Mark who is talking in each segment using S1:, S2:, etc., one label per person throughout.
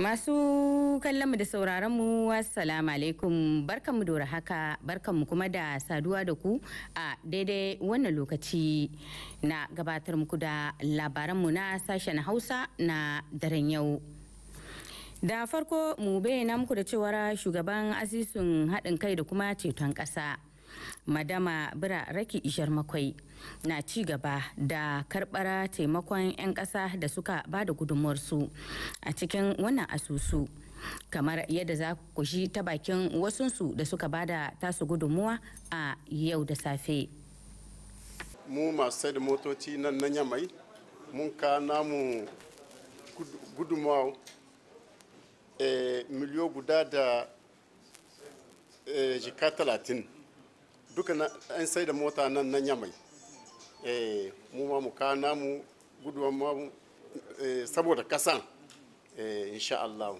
S1: Masu kallonmu da sauraronmu assalamu alaikum barkanmu da haka barkanmu kuma da saduwa da ku a daidai wannan lokaci na gabatar muku da labaranmu na sashen hausa na daren yau. Da farko mu bayyana muku da cewar shugaban asisun haɗin kai da kuma ceton ƙasa. madama bira raki ishar makwai na ci gaba da karbara taimakon 'yan kasa da suka bada da su a cikin wannan asusu kamar yadda za ku shi ta bakin wasunsu da suka bada tasu gudunmuwa a yau da safe
S2: mu masu sai da motoci nan na yamai mun ka namu gudunmuwa eh, miliyo guda da eh, jika talatin duka an sai da mota nan nan yamai eh mu ma mu kana mu guduwa ma eh, saboda kasan eh insha Allah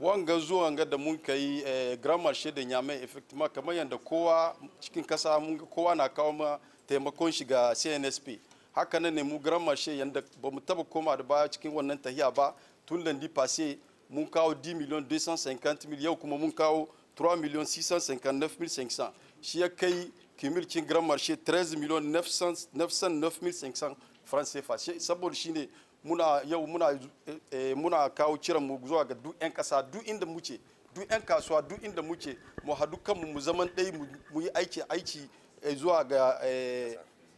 S2: wanga zuwa ga da mun kai eh, grammar shi da nyamai effectivement kamar yanda kowa cikin kasa mun kowa na kawo ma taimakon shi ga CNSP haka nan ne mu grammar shi yanda ba mu taba koma da baya cikin wannan tahiya ba tun da di passé mun kawo 10 million 250 million yau kuma mun kawo 3 million 659 500 shi ya kai kimilkin grand marché 13 million 909,500 francs CFA saboda shi ne muna yau muna eh, eh, muna kawo ciran mu zuwa ga duk 'yan kasa duk inda muke duk 'yan kasuwa duk inda muke mu haɗu kanmu mu zaman ɗai mu yi aiki aiki eh, zuwa ga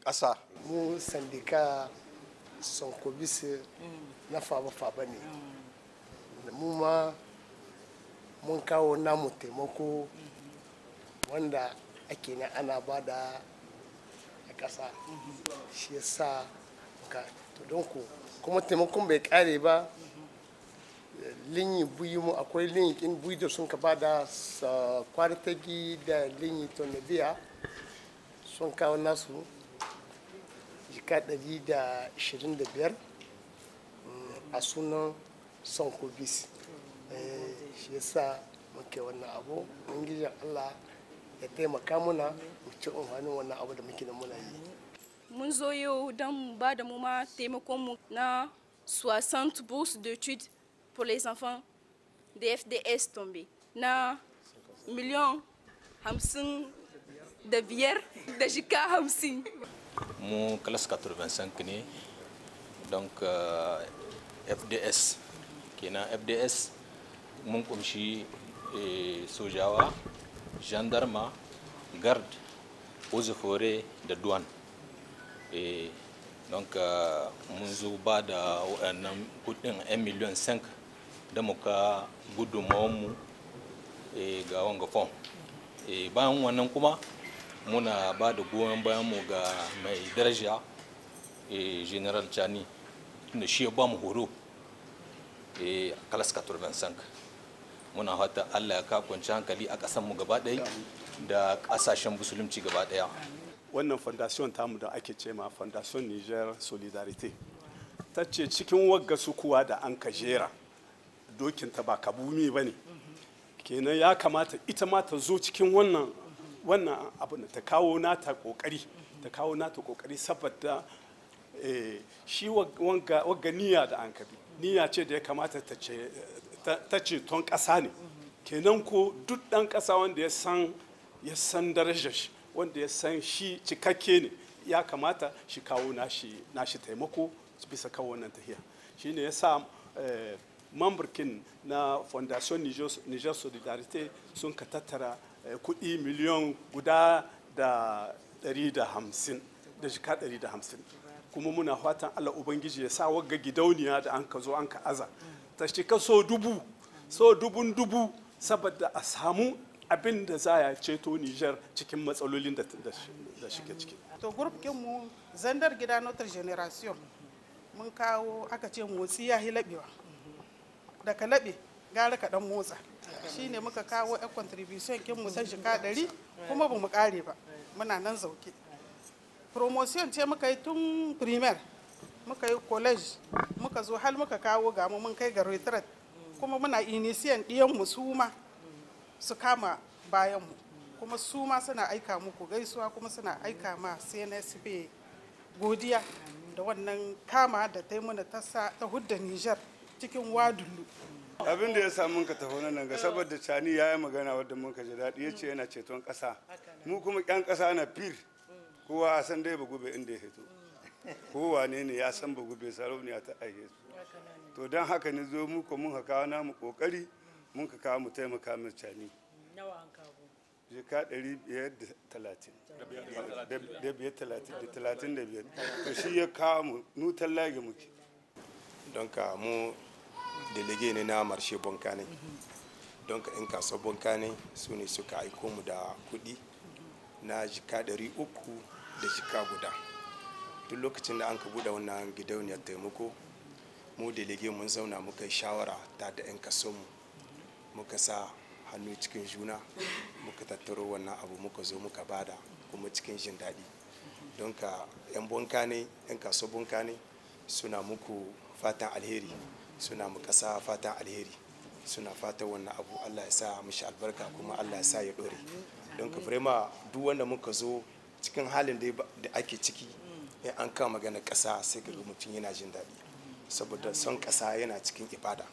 S2: ƙasa. mu sandika sankobisi na
S3: faba-faba ne mu ma mun kawo namu taimako wanda ake na ana ba da a ƙasa shi ya sa ka don ku kuma taimakon bai ƙare ba linyi buyi mu akwai linyi in buyi da sun ka ba da kwartagi da linyi tonadiya sun kawo nasu jika 125 eh, a sunan sankobis eh, shi ya sa muke wannan abu mun gijin allah ya taimaka muna mu ci amfanin wannan abu da muke da muna yi
S1: mun zo yau don ba da mu ma taimakon mu na 60 bourses d'études pour les enfants de FDS tombe na miliyan hamsin da biyar da jika hamsin.
S4: Mu class 85 ne, donc uh, FDS. Kenan FDS mun kumshi eh, sojawa gendarme garde eaux forêt da duwan e donc euh, mun zo ba da waɗannan kudin 1 miliyan 5 da muka gudunmawanmu e, eh, ga wanga fom e, eh, bayan wannan kuma muna ba da goyon bayan mu ga mai daraja e, general chani tunda shi ya ba mu horo e, class 85 muna fata allah ya kwanci hankali a ƙasanmu gaba ɗaya da ƙasashen musulunci gaba ɗaya
S2: wannan fondation mu da ake ce ma fondation niger solidarity ta ce cikin wagga sukuwa da an kajera ta ba kabumi ba ne kenan ya kamata ita ma ta zo cikin wannan wannan abu ta kawo nata kokari ta kawo nata kokari saboda eh, shi wagga niyya da an kabi niyya ce da ya kamata ta ce ceton ƙasa ne kenan ko duk ɗan ƙasa wanda ya san ya san darajar shi wanda ya san shi cikakke ne ya kamata shi kawo nashi, nashi taimako bisa kan wannan tahiya ne ya sa eh, mamburkin na fondation niger, solidarite sun ka tattara kudi eh, kuɗi guda da 150 da da 150 kuma muna fatan allah ubangiji ya sa wagga gidauniya da an ka zo an ka aza ta shika so dubu so dubun dubu saboda a samu abin da za ya ceto Nijar cikin matsalolin da shike ciki.
S4: To
S3: mu zandar gida Notre Generation mun kawo aka ce motsi ya yi laɓewa. Daga laɓe gara ka ɗan motsa. Shi ne muka kawo 'yan contribution kin mu san shika ɗari kuma ba mu ƙare ba. Muna nan zauke. Promotion ce muka yi tun primaire muka yi college muka zo hal muka kawo ga mu mun kai ga retreat kuma muna inisiyan ɗiyanmu su ma su kama bayanmu kuma su ma suna aika muku gaisuwa kuma suna aika ma cnsb godiya da wannan kama da ta yi mana ta hudda nijar cikin wadullu
S2: abin da ya sa mun ka tafi nan ga saboda cani ya yi magana wadda mun ka ji daɗi ya ce yana ceton kasa mu kuma 'yan kasa na fir kowa san dai ba gobe inda ya fito ko ne ne ya san bugu bai a ta aihe su to don haka ne zo mu ko mun ka na mu kokari mun ka kawo mu taimaka mu cani nawa an kawo 530 to shi ya kawo mu nutan lage muke don ka mu delege ne na marshe bonkane don ka in kasuwar bonkane su ne suka aiko mu da kudi na jika 300 da jika guda duk lokacin da an ka bude wannan gidauniyar taimako mu delege mun zauna muka shawara ta da 'yan mu muka sa hannu cikin juna muka tattaro wannan abu muka zo muka bada kuma cikin jin daɗi don ka 'yan bonka ne 'yan kaso bonka ne suna muku fatan alheri suna mu ƙasa fatan alheri suna fatan wannan abu allah ya sa mishi albarka kuma allah ya sa ya ɗore don ka duk wanda muka zo cikin halin da ake ciki in an kama magana ƙasa sai ga mutum yana jin daɗi saboda son ƙasa yana cikin ibada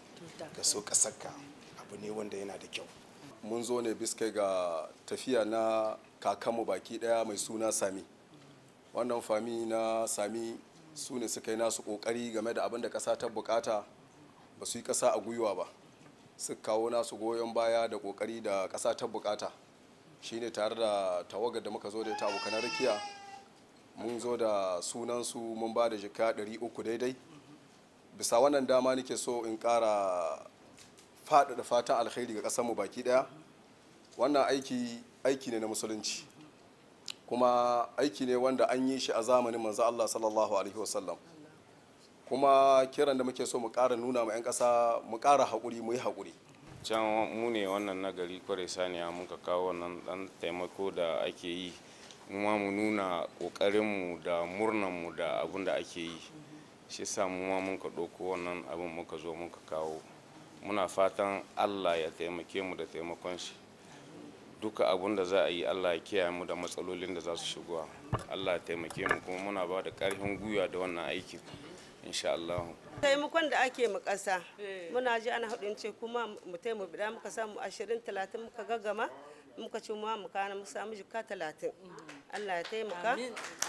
S2: ga so ƙasarka abu ne wanda yana da kyau mun zo ne biskai ga tafiya na kakanmu baki ɗaya mai suna sami wannan fami na sami su ne nasu ƙoƙari game da abin da ƙasa ta bukata ba su yi ƙasa a gwiwa ba su kawo nasu goyon baya da ƙoƙari da ƙasa ta bukata shine tare da tawagar da muka zo da ita abokanan rakiya mun zo da sunansu mun ba da jika 300 daidai bisa wannan dama nake so in kara faɗaɗa fatan alkhairi ga ƙasarmu baki ɗaya wannan aiki aiki ne na musulunci kuma aiki ne wanda an yi shi a zamanin manzo Allah sallallahu alaihi wasallam kuma kiran da muke so mu kara nuna ma 'yan ƙasa mu kara hakuri mu yi haƙuri
S4: can mu ne wannan nagari kwarai saniya muka kawo wannan ɗan taimako da ake yi muma mu nuna ƙoƙarinmu da murnanmu da abin da ake yi shi sa muma mun ka ɗauko wannan abin muka
S2: zo muka kawo muna fatan allah ya taimake mu da taimakon shi duka abun da za a yi allah ya kiyaye mu da matsalolin da za su shigowa allah ya taimake mu kuma muna ba da ƙarfin gwiwa da wannan aiki insha Allah.
S1: taimakon da ake mu ƙasa eh. muna ji ana haɗin ce kuma mu taimu bida muka samu ashirin talatin muka gaggama muka ci mu kana mu samu ka talatin mm. Allah ya taimaka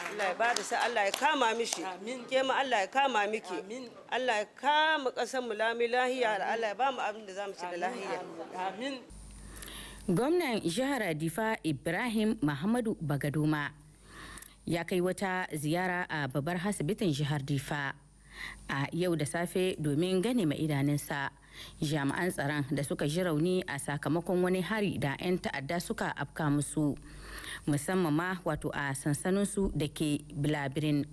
S1: Allah ya bada sa Allah ya kama mishi ke mu Allah ya kama miki Allah ya kama kasan mu lami lahiya Allah ya ba mu abin da zamu ci da lahiya amin gwamnan jihar Difa Ibrahim Muhammadu Bagadoma ya kai wata ziyara a babbar hasibitin jihar Difa a yau da safe domin gane ma idanunsa. jami'an tsaron da suka ji rauni a sakamakon wani hari da 'yan ta'adda suka afka musu. musamman ma wato a su da ke bilabirin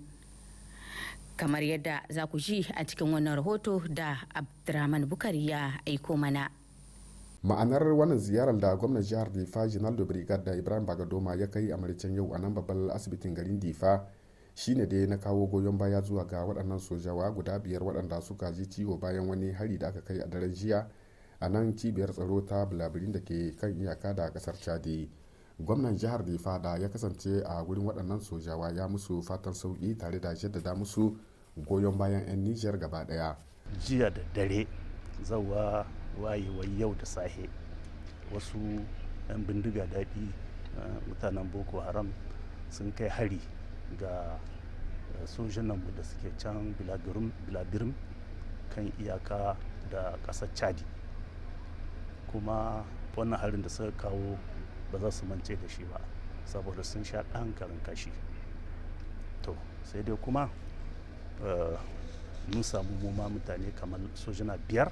S1: kamar yadda za ku ji a cikin wannan rahoto da abdurrahman bukari ya aiko mana
S2: ma'anar wannan ziyarar da gwamnan jihar difa jinaldo brigad da ibrahim bagadoma ya kai amurcen yau a nan babban asibitin garin difa shine dai na kawo goyon baya zuwa ga waɗannan sojawa guda biyar waɗanda suka ji ciwo bayan wani hari da aka kai a daren jiya a nan cibiyar tsaro ta bulabirin da ke kan iyaka da ƙasar chadi gwamnan jihar da fada ya kasance a wurin waɗannan sojawa ya musu fatan sauƙi tare da jaddada musu goyon bayan 'yan nijar gaba daya jiya da
S3: dare zawa wayewar yau da sahe wasu 'yan bindiga daɗi mutanen boko haram sun kai hari ga sojinanmu da suke can biladirim kan iyaka da ƙasar chadi kuma wannan harin da suka kawo ba za su mance da shi ba saboda sun sha ɗan karin kashi to sai dai kuma eh, mun samu muma mutane kamar sojina biyar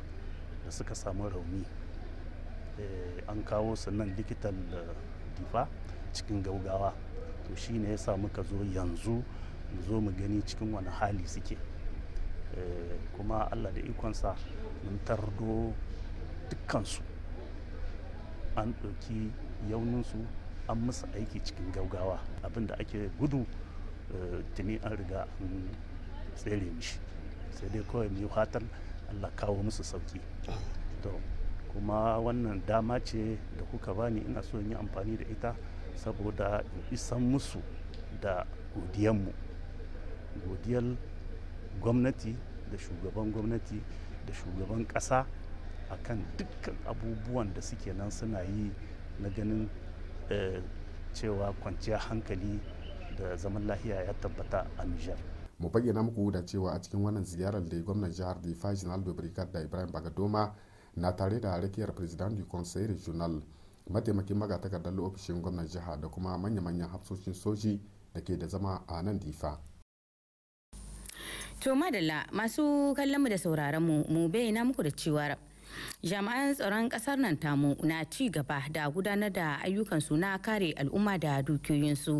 S3: da suka samu rauni eh, an kawo su nan likitan eh, difa cikin gaugawa to shi ne ya samu ka zo yanzu mu zo mu gani cikin wani hali suke kuma allah da ikonsa mun tardo dukkansu an ɗauki yauninsu an musu aiki cikin gaugawa abin da ake gudu eh, tuni an riga an tsere mishi sai dai kawai mu fatan allah kawo musu sauki to kuma wannan dama ce da kuka bani ina so yi amfani da ita saboda in isan musu da godiyanmu godiyar gwamnati da shugaban gwamnati da shugaban ƙasa akan dukkan abubuwan da suke nan suna yi na ganin eh, cewa kwanciyar hankali da zaman lafiya ya tabbata a nijar
S2: mu bayyana muku da cewa a cikin wannan ziyarar da gwamnan jihar da difa general da ibrahim bagadoma na tare da rakiyar president du conseil regional mataimakin magatakardar ofishin gwamnan jiha da kuma manya-manyan hafsoshin soji da ke da zama a nan difa
S1: to madalla masu kallon mu da sauraron mu mu bayyana muku da cewa jami'an tsaron kasar nan tamu na ci gaba da gudanar da ayyukansu na kare al'umma da dukiyoyinsu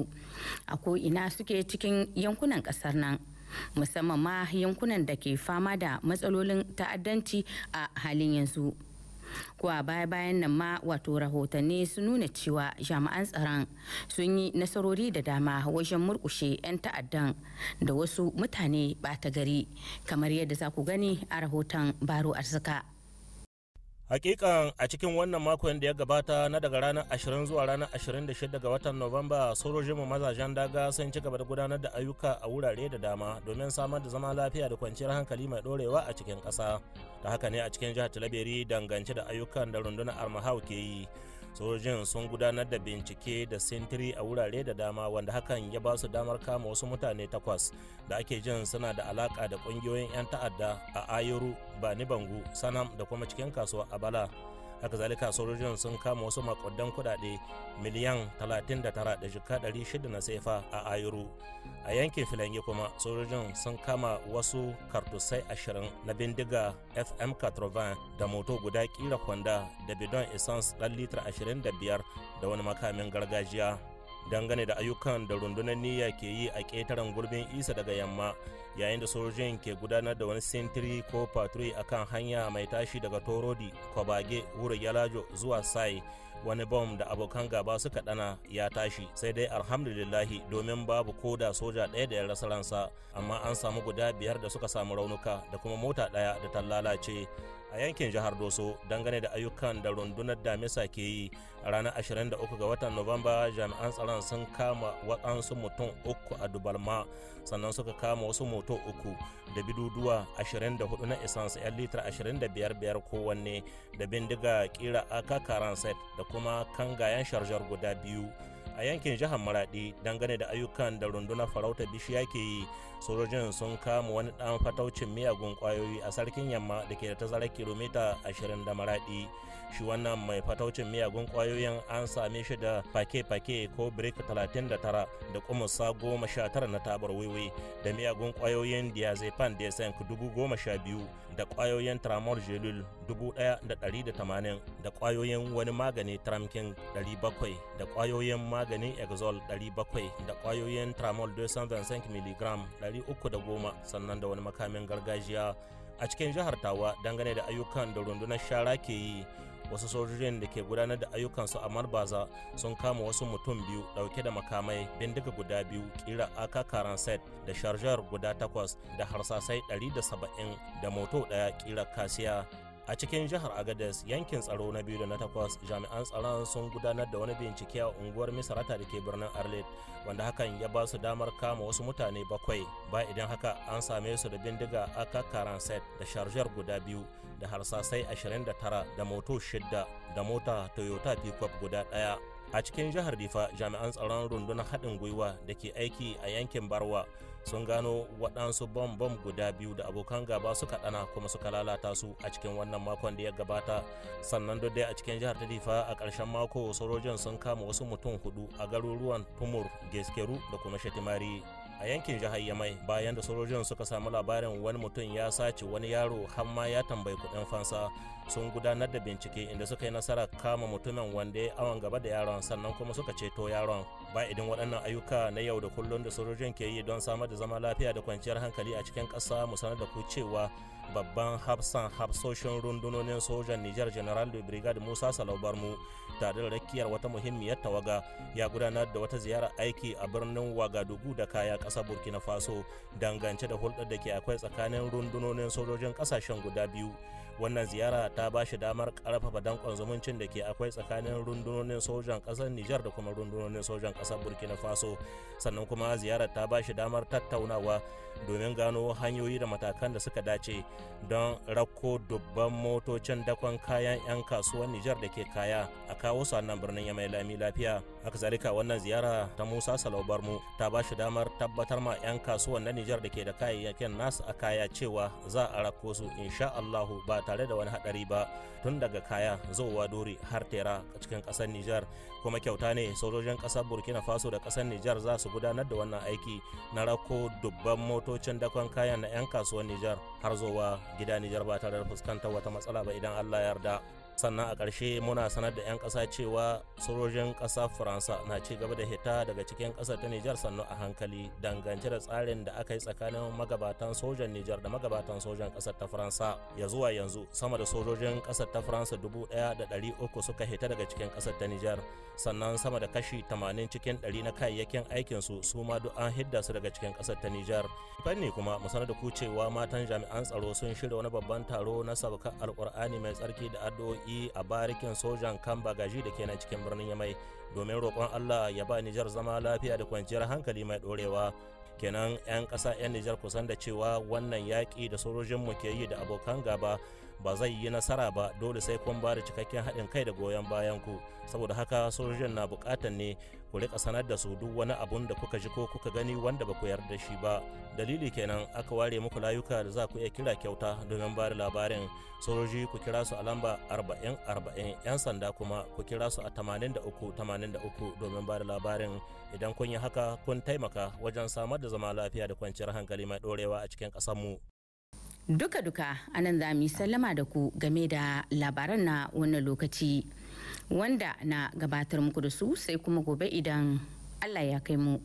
S1: a ko'ina suke cikin yankunan kasar nan musamman ma yankunan da ke fama da matsalolin ta'addanci a halin yanzu kuwa baya-bayan nan ma wato rahotanni sun nuna cewa jami'an tsaron sun yi nasarori da dama wajen murkushe 'yan ta'addan da wasu mutane bata gari kamar yadda za ku gani a rahoton baro arzika.
S4: hakikan a cikin wannan makon da ya gabata na daga ranar 20 zuwa ranar 26 ga watan Nuwamba mu mazajen daga sun ci gaba da gudanar da ayyuka a wurare da dama domin samar da zama lafiya da kwanciyar hankali mai dorewa a cikin ƙasa. Da haka ne a cikin jihar Talabiri dangance da ayyukan da rundunar Armahau ke yi. sojojin sun gudanar da bincike da sintiri a wurare da dama wanda hakan ya ba su damar kama wasu mutane takwas da ake jin suna da alaka da kungiyoyin 'yan ta'adda a ayuru bani bangu sanam da kuma cikin kasuwa a bala. haka zalika sojojin sun kama wasu makudan kudade miliyan 39 da na sefa a ayuru a yankin filange kuma sojojin sun kama wasu kartusai 20 na bindiga fm 80 da moto guda kira kwanda da bidon essence dan litar 25 da wani makamin gargajiya dangane da ayyukan da rundunar niyya ke yi a ƙetaren gurbin isa daga yamma yayin da sojojin ke gudanar da wani sintiri ko patrol a kan hanya mai tashi daga torodi kwabage wuri yalajo zuwa sai wani bom da abokan gaba suka dana ya tashi sai dai alhamdulillahi domin babu ko da soja ɗaya da ya rasa ransa amma an samu guda biyar da suka samu raunuka da kuma mota ɗaya da ta lalace a yankin jihar doso dangane da ayyukan da rundunar damisa ke yi a ranar 23 ga watan novamba jami'an tsaron sun kama waɗansu mutum uku a dubalma sannan suka kama wasu moto uku da biduduwa 24 na su 'yan litar 25 kowanne da bindiga kira aka set da kuma kangayen sharjar guda biyu a yankin jihar maradi dangane da ayyukan da rundunar farauta bishiya ke yi sojojin sun kama wani dan fataucin miyagun kwayoyi a sarkin yamma da ke da tazarar kilomita 20 da maradi shi wannan mai fataucin miyagun kwayoyin an same shi da fake-fake ko brik 39 da kumusa 19 na tabar wiwi da miyagun kwayoyin diazepam desenk biyu da kwayoyin tramor dubu 1,180 da kwayoyin wani magani tramkin 700 da kwayoyin magani exol 700 da kwayoyin tramol 225 mg 310 sannan da wani makamin gargajiya a cikin jihar tawa dangane da ayyukan da rundunar shara ke yi wasu sojojin da ke gudanar da ayyukansu a marbaza sun kama wasu mutum biyu dauke da makamai bindiga guda biyu kira aka karan set da sharjar guda takwas da harsasai 170 da moto daya kira kasiya a cikin jihar agadez yankin tsaro na biyu da na takwas jami'an tsaron sun gudanar da wani bincike a unguwar misrata da ke birnin arlet wanda hakan ya ba su damar kama wasu mutane bakwai ba idan haka an same su da bindiga aka karanset da sharjar guda biyu da harsasai 29 da moto shidda da mota toyota pickup guda daya a cikin jihar difa jami'an tsaron rundunar haɗin gwiwa da ke aiki a yankin barwa sun gano waɗansu bom-bom guda biyu da abokan gaba suka ɗana kuma suka lalata su a cikin wannan makon da ya gabata sannan dai a cikin jihar difa a ƙarshen mako sojojin sun kama wasu mutum hudu a garuruwan tumur geskeru da kuma shatimari a yankin jihar yamai bayan da sojojin suka samu labarin wani mutum ya sace wani yaro har ma ya tambayi kuɗin fansa sun gudanar da bincike inda suka yi nasara kama mutumin wanda ya awon gaba da yaron sannan kuma suka ceto yaron ba idan waɗannan ayyuka na yau da kullum da sojojin ke yi don samar da zama lafiya da kwanciyar hankali a cikin ƙasa mu sanar da ku cewa babban hafsan hafsoshin rundunonin sojan Nijar General da Brigade Musa Salau Barmu tare da rakiyar wata muhimmiyar tawaga ya gudanar da wata ziyarar aiki a birnin Wagadugu da kaya ƙasar Burkina Faso dangance da hulɗar da ke akwai tsakanin rundunonin sojojin ƙasashen guda biyu. wannan ziyara ta ba shi damar karfafa dankon zumuncin da ke akwai tsakanin rundunonin sojan kasar nijar da kuma rundunonin sojan kasar burkina faso sannan kuma ziyarar ta ba shi damar tattaunawa domin gano hanyoyi da matakan da suka dace don rako dubban motocin dakon kayan 'yan kasuwar Nijar da ke kaya a kawo su nan birnin Yamai Lami lafiya. Haka zalika wannan ziyara ta Musa Salaubar mu ta ba shi damar tabbatar ma 'yan kasuwar na Nijar da ke da kayayyakin nasu a kaya cewa za a rako su insha Allahu ba tare da wani hadari ba tun daga kaya zuwa dori har tera cikin ƙasar Nijar kuma kyauta ne sojojin kasar burkina faso da kasar nijar za su gudanar da wannan aiki na rako dubban motocin dakon kayan na 'yan kasuwar nijar har zowa gida nijar ba tare da fuskantar wata matsala ba idan allah yarda sannan a ƙarshe muna sanar da 'yan ƙasa cewa sojojin ƙasa faransa na ci gaba da hita daga cikin ƙasar ta nijar sannu a hankali dangance da tsarin da aka yi tsakanin magabatan sojan nijar da magabatan sojan ƙasar ta faransa ya zuwa yanzu sama da sojojin ƙasar ta faransa dubu ɗaya da ɗari uku suka hita daga cikin ƙasar ta nijar sannan sama da kashi tamanin cikin ɗari na kayayyakin aikin su ma duk an hidda su daga cikin ƙasar ta nijar fanni kuma mu sanar da ku cewa matan jami'an tsaro sun shirya wani babban taro na sabakar alƙur'ani mai tsarki da addu'o'i a barikin sojan kan bagaji da kenan cikin birnin yamai domin roƙon allah ya ba nijar zama lafiya da kwanciyar hankali mai ɗorewa kenan 'yan ƙasa 'yan nijar kusan da cewa wannan yaƙi da sojojinmu ke yi da abokan gaba ba zai yi nasara ba dole sai kun ba da cikakken haɗin kai da goyon bayan ku saboda haka sojojin na buƙatar ne ku rika sanar da su duk wani abun da kuka ji ko kuka gani wanda ba ku yarda shi ba dalili kenan aka ware muku layuka da za ku iya kira kyauta domin ba da labarin sojoji ku kira su a lamba 40-40 'yan sanda kuma ku kira su a 83-83 domin ba da labarin idan kun yi haka kun taimaka wajen samar da zama lafiya da kwanciyar hankali mai ɗorewa a cikin ƙasarmu.
S1: duka-duka anan za mu yi sallama da ku game da labaran na wannan lokaci wanda na gabatar muku da su sai kuma gobe idan allah ya kai mu.